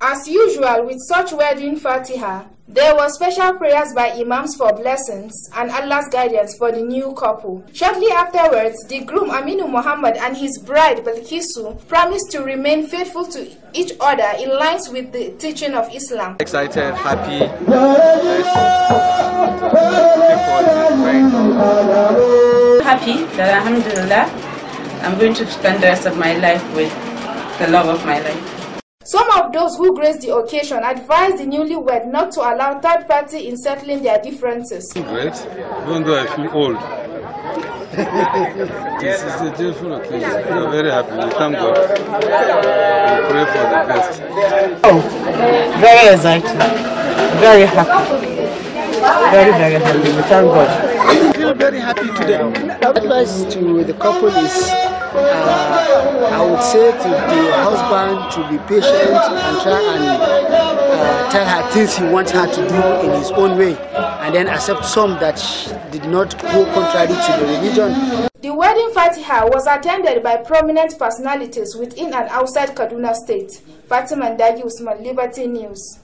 As usual with such wedding fatiha, there were special prayers by imams for blessings and Allah's guidance for the new couple. Shortly afterwards, the groom Aminu Muhammad and his bride Balkisu promised to remain faithful to each other in lines with the teaching of Islam. Excited, happy, happy that Alhamdulillah, I'm going to spend the rest of my life with the love of my life. Some of those who graced the occasion advised the newlywed not to allow third party in settling their differences. Great, even though I feel old. this is a joyful occasion. We are very happy. We thank God. We pray for the best. Oh, very excited. Very happy. Very, very happy. We thank God. I feel very happy today. Advice to the couple is uh, I would say to the husband to be patient and try and uh, tell her things he wants her to do in his own way and then accept some that did not go contrary to the religion. The wedding fatiha was attended by prominent personalities within and outside Kaduna State. Fatima Ndagi Usman, Liberty News.